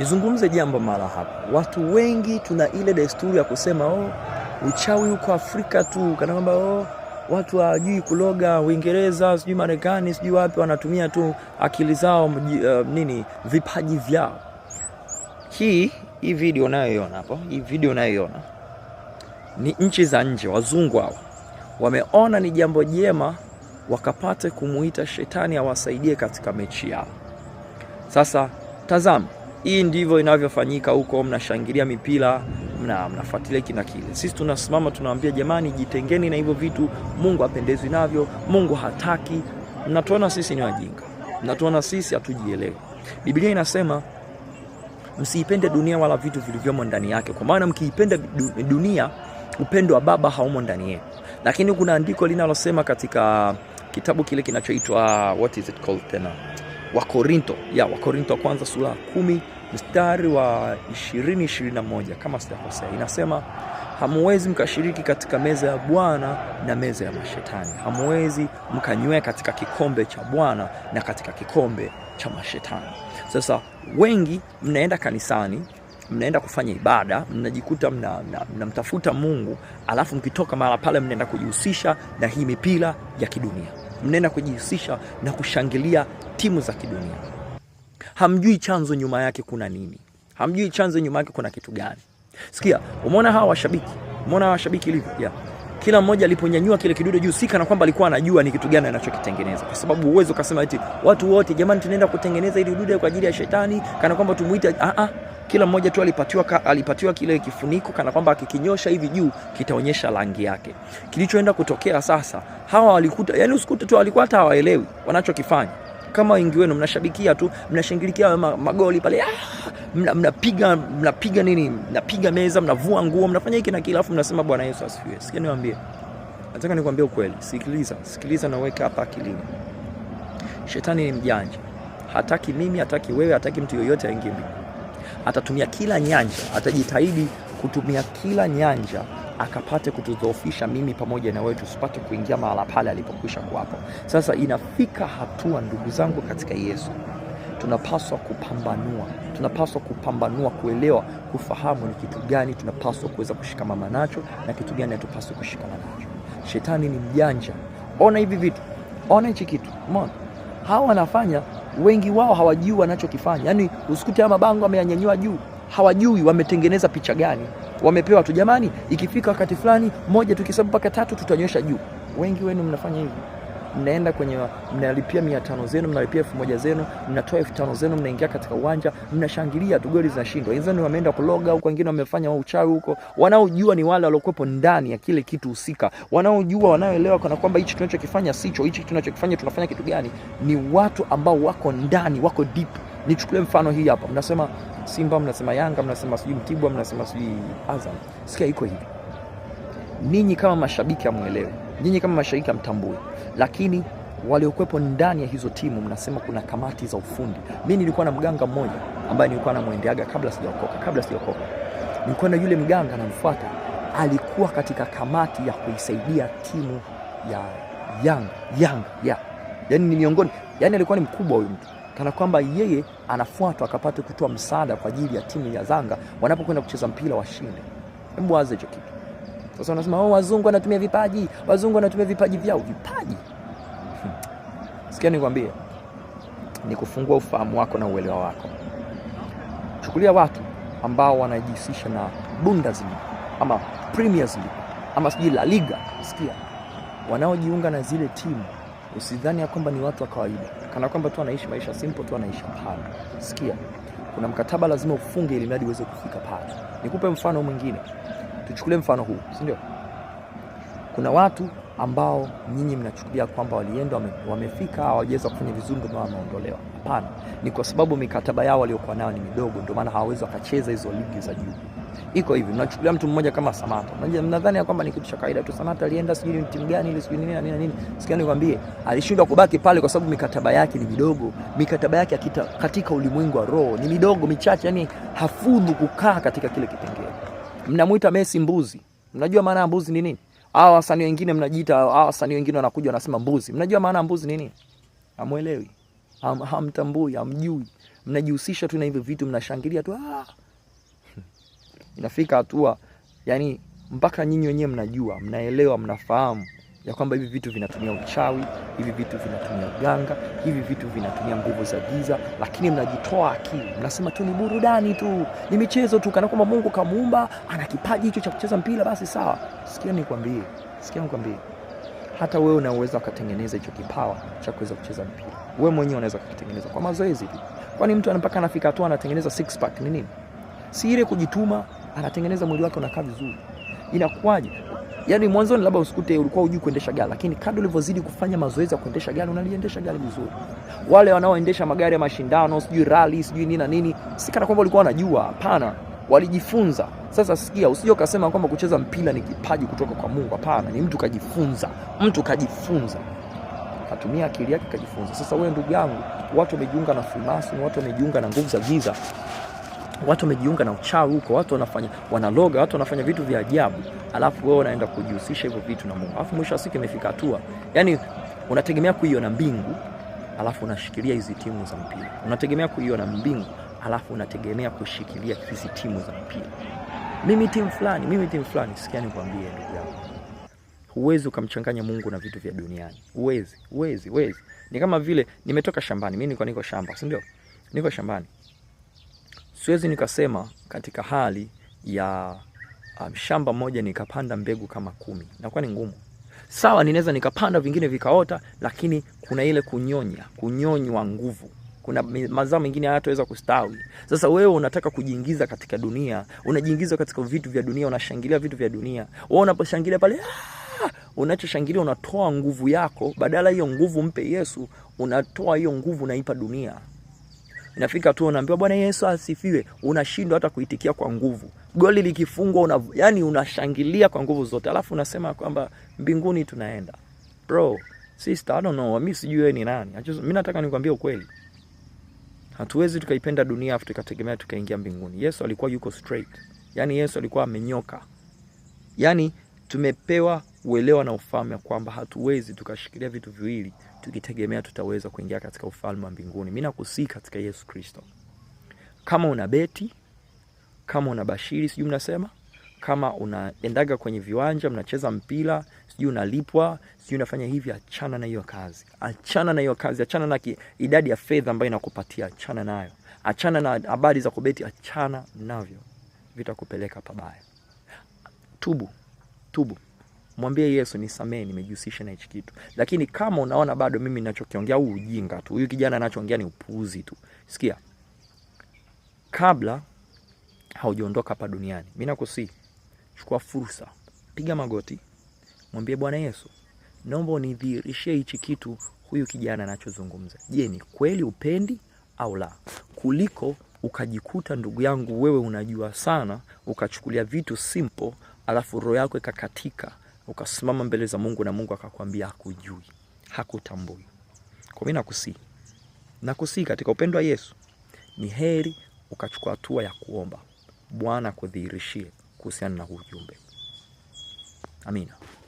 Nizungumze jambo mara hapa, watu wengi tuna ile desturi ya kusema oh, uchawi huko Afrika tu, kana kwamba oh, watu hawajui kuloga Uingereza, sijui Marekani, sijui wapi, wanatumia tu akili zao mji, uh, nini vipaji vyao. Hii hii video unayoiona hapo, hii video unayoiona ni nchi za nje, wazungu hao wameona ni jambo jema, wakapate kumuita shetani awasaidie katika mechi yao. Sasa tazama. Hii ndivyo inavyofanyika huko, mnashangilia mipira, na mnafuatilia kina kile. Sisi tunasimama tunawaambia, jamani, jitengeni na hivyo vitu, Mungu apendezwi navyo, Mungu hataki. Mnatuona sisi ni wajinga, mnatuona sisi hatujielewi. Biblia inasema msiipende dunia wala vitu vilivyomo ndani yake, kwa maana mkiipenda dunia upendo wa Baba haumo ndani yenu. Lakini kuna andiko linalosema katika kitabu kile kinachoitwa what is it called tena Wakorinto ya Wakorinto wa kwanza sura ya kumi mstari wa 20 21, kama sitakosea, inasema hamuwezi mkashiriki katika meza ya Bwana na meza ya mashetani, hamuwezi mkanywea katika kikombe cha Bwana na katika kikombe cha mashetani. Sasa wengi mnaenda kanisani mnaenda kufanya ibada, mnajikuta mnamtafuta mna, mna Mungu, alafu mkitoka mahala pale mnaenda kujihusisha na hii mipira ya kidunia mnaenda kujihusisha na kushangilia timu za kidunia. Hamjui chanzo nyuma yake kuna nini, hamjui chanzo nyuma yake kuna kitu gani. Sikia, umeona hawa washabiki, umeona hawa washabiki ilivyo yeah. Kila mmoja aliponyanyua kile kidude juu, si kana kwamba alikuwa anajua ni kitu gani anachokitengeneza, kwa sababu uwezo ukasema eti watu wote, jamani, tunaenda kutengeneza ili dude kwa ajili ya shetani, kana kwamba tumuite a ah, a ah kila mmoja tu alipatiwa, alipatiwa kile kifuniko kana kwamba akikinyosha hivi juu kitaonyesha rangi yake. Kilichoenda kutokea sasa, hawa walikuta, yani usikute tu walikuwa hata hawaelewi wanachokifanya. Kama wengi wenu mnashabikia tu, mnashangilikia magoli pale, ah, mnapiga mnapiga nini, mnapiga meza, mnavua nguo, mnafanya hiki na kile, alafu mnasema Bwana Yesu asifiwe. Sikia niwaambie, nataka nikwambie ukweli. Sikiliza, sikiliza na weka hapa akilini. Shetani ni mjanja, hataki mimi, hataki wewe, hataki mtu yoyote aingie mbinguni atatumia kila nyanja, atajitahidi kutumia kila nyanja akapate kutudhoofisha mimi pamoja na wewe, tusipate kuingia mahala pale alipokwisha kuwapo. Sasa inafika hatua, ndugu zangu katika Yesu, tunapaswa kupambanua, tunapaswa kupambanua, kuelewa, kufahamu ni kitu gani tunapaswa kuweza kushikamana nacho na kitu gani hatupaswi kushikamana nacho. Shetani ni mjanja, ona hivi vitu, ona hichi kitu, umeona hawa wanafanya wengi wao hawajui wanachokifanya. yani usikute haya mabango ameyanyanyua juu, hawajui wametengeneza picha gani, wamepewa tu, jamani, ikifika wakati fulani moja tukisema mpaka tatu tutanywesha juu. Wengi wenu mnafanya hivyo mnaenda kwenye mnalipia mia tano zenu, mnalipia elfu moja zenu, mnatoa elfu tano zenu, mnaingia katika uwanja, mnashangilia tu, goli zinashindwa. Wenzenu wameenda kuloga huko, wengine wamefanya uchawi huko. Wanaojua ni wale waliokuwepo ndani ya kile kitu husika, wanaojua, wanaoelewa kana kwamba hichi tunachokifanya sicho hichi tunachokifanya, tunafanya kitu gani? Ni watu ambao wako ndani, wako deep. Nichukulie mfano hii hapa, mnasema Simba, mnasema Yanga, mnasema sijui Mtibwa, mnasema sijui Azam. Sikia, iko hivi, ninyi kama mashabiki hamwelewi, ninyi kama mashabiki hamtambui lakini waliokuwepo ndani ya hizo timu mnasema kuna kamati za ufundi. Mi nilikuwa na mganga mmoja ambaye nilikuwa namwendeaga kabla sijaokoka, kabla sijaokoka nilikuwa na yule mganga namfuata, alikuwa katika kamati ya kuisaidia timu ya Yanga Yanga ya yani, ni miongoni yani, alikuwa ni mkubwa huyu mtu, kana kwamba yeye anafuatwa akapate kutoa msaada kwa ajili ya timu ya Zanga wanapokwenda kucheza mpira washinde. Hebu waze hicho kitu. Sasa wanasema oh, wazungu wanatumia vipaji, wazungu wanatumia vipaji vyao. Vipaji hmm. sikia, nikwambie ni kufungua ufahamu wako na uelewa wako. Chukulia watu ambao wanajihusisha na Bundesliga ama Premier League ama sijui La Liga, sikia, wanaojiunga na zile timu usidhani ya kwamba ni watu wa kawaida, kana kwamba tu wanaishi maisha simple tu wanaishi hapana. Sikia, kuna mkataba lazima ufunge ili mradi uweze kufika pale. Nikupe mfano mwingine. Tuchukulie mfano huu, si ndio? Kuna watu ambao nyinyi mnachukulia kwamba walienda wame, wamefika hawajaweza kufanya vizuri, ndio maana wameondolewa. Hapana, ni kwa sababu mikataba yao waliokuwa nayo ni midogo, ndio maana hawawezi wakacheza hizo ligi za juu. Iko hivi, mnachukulia mtu mmoja kama Samata, mnadhani ya kwamba ni kitu cha kawaida tu. Samata alienda sijui ni timu gani ile sijui nini na nini. Sikia nikwambie, alishindwa kubaki pale kwa sababu mikataba yake ni midogo. Mikataba yake katika ulimwengu wa roho ni midogo, michache, yani hafudhu kukaa katika kile kipengele mnamwita Messi mbuzi. Mnajua maana ya mbuzi ni nini? Hawa wasanii wengine mnajiita, hawa wasanii wengine wanakuja wanasema mbuzi. Mnajua maana ya mbuzi ni nini? Hamuelewi, ham, hamtambui, hamjui. Mnajihusisha tu na hivyo vitu, mnashangilia tu ah. Inafika hatua yani mpaka nyinyi wenyewe mnajua, mnaelewa, mnafahamu ya kwamba hivi vitu vinatumia uchawi, hivi vitu vinatumia uganga, hivi vitu vinatumia nguvu za giza, lakini mnajitoa akili, mnasema tu ni burudani tu, ni michezo tu, kana kwamba Mungu kamuumba ana kipaji hicho cha kucheza mpira, basi sawa. Sikia nikwambie, sikia nikwambie, hata wewe unaweza ukatengeneza hicho kipawa cha kuweza kucheza mpira, wewe mwenyewe unaweza ukakitengeneza kwa mazoezi tu. Kwani mtu mpaka anafika hatua anatengeneza six pack ni nini? Si ile kujituma, anatengeneza mwili wake unakaa vizuri, inakuwaje? yani mwanzoni labda usikute ulikuwa hujui kuendesha gari, lakini kadri ulivyozidi kufanya mazoezi ya kuendesha gari unaliendesha gari vizuri. Wale wanaoendesha magari ya mashindano sijui rally sijui nini na nini, si kana kwamba walikuwa wanajua. Hapana, walijifunza. Sasa sikia, usije ukasema kwamba kucheza mpira ni kipaji kutoka kwa Mungu. Hapana, ni mtu kajifunza, mtu kajifunza katumia akili yake kajifunza. Sasa wewe ndugu yangu, watu wamejiunga na Freemason, watu wamejiunga na nguvu za giza watu wamejiunga na uchawi huko, watu wanafanya wanaloga, watu wanafanya vitu vya ajabu, alafu wewe unaenda kujihusisha hivyo vitu na Mungu, alafu mwisho wa siku imefika hatua, yani unategemea kuiona mbingu, alafu unashikilia hizi timu za mpira, unategemea kuiona mbingu, alafu unategemea kushikilia hizi timu za mpira. Mimi timu fulani, mimi timu fulani. Sikia nikwambie, ndugu yangu, huwezi ukamchanganya Mungu na vitu vya duniani, huwezi, huwezi, huwezi. Ni kama vile nimetoka shambani, mimi niko niko shamba, si ndio? Niko shambani siwezi nikasema katika hali ya um, shamba moja nikapanda mbegu kama kumi, nakuwa ni ngumu. Sawa, ninaweza nikapanda vingine vikaota, lakini kuna ile kunyonya, kunyonywa nguvu kuna mazao mengine hayataweza kustawi. Sasa wewe unataka kujiingiza katika dunia, unajiingiza katika vitu vya dunia, unashangilia vitu vya dunia. Wewe unaposhangilia pale, ah! unachoshangilia unatoa nguvu yako, badala hiyo nguvu mpe Yesu, unatoa hiyo nguvu unaipa dunia. Inafika tu unaambiwa Bwana Yesu asifiwe, unashindwa hata kuitikia kwa nguvu. Goli likifungwa una, yani unashangilia kwa nguvu zote, alafu unasema kwamba mbinguni tunaenda. Bro, sister, I don't know, mimi sijui wewe ni nani. Mimi nataka nikwambie ukweli, hatuwezi tukaipenda dunia afu tukategemea tukaingia mbinguni. Yesu alikuwa yuko straight, yani Yesu alikuwa amenyoka, yani tumepewa uelewa na ufahamu ya kwamba hatuwezi tukashikilia vitu viwili tukitegemea tutaweza kuingia katika ufalme wa mbinguni. Mimi nakusii katika Yesu Kristo, kama una beti, kama una bashiri, sijui mnasema, kama unaendaga kwenye viwanja mnacheza mpira, sijui unalipwa, sijui unafanya hivi, achana na hiyo kazi, achana na hiyo kazi, achana na idadi ya fedha ambayo inakupatia, achana nayo, achana na habari za kubeti, achana navyo, vitakupeleka pabaya. Tubu, tubu mwambie Yesu, nisamee, nimejihusisha na hichi kitu. Lakini kama unaona bado mimi ninachokiongea huu ujinga tu, huyu kijana anachoongea ni upuuzi tu, sikia, kabla haujaondoka hapa duniani, mimi nakusii, chukua fursa, piga magoti, mwambie Bwana Yesu, naomba unidhihirishie hichi kitu huyu kijana anachozungumza. Je, ni kweli upendi au la, kuliko ukajikuta ndugu yangu, wewe unajua sana, ukachukulia vitu simple, alafu roho yako ikakatika ukasimama mbele za Mungu na Mungu akakwambia hakujui, hakutambui. Kwa mimi nakusii, nakusii katika upendo wa Yesu, ni heri ukachukua hatua ya kuomba Bwana kudhihirishie kuhusiana na ujumbe. Amina.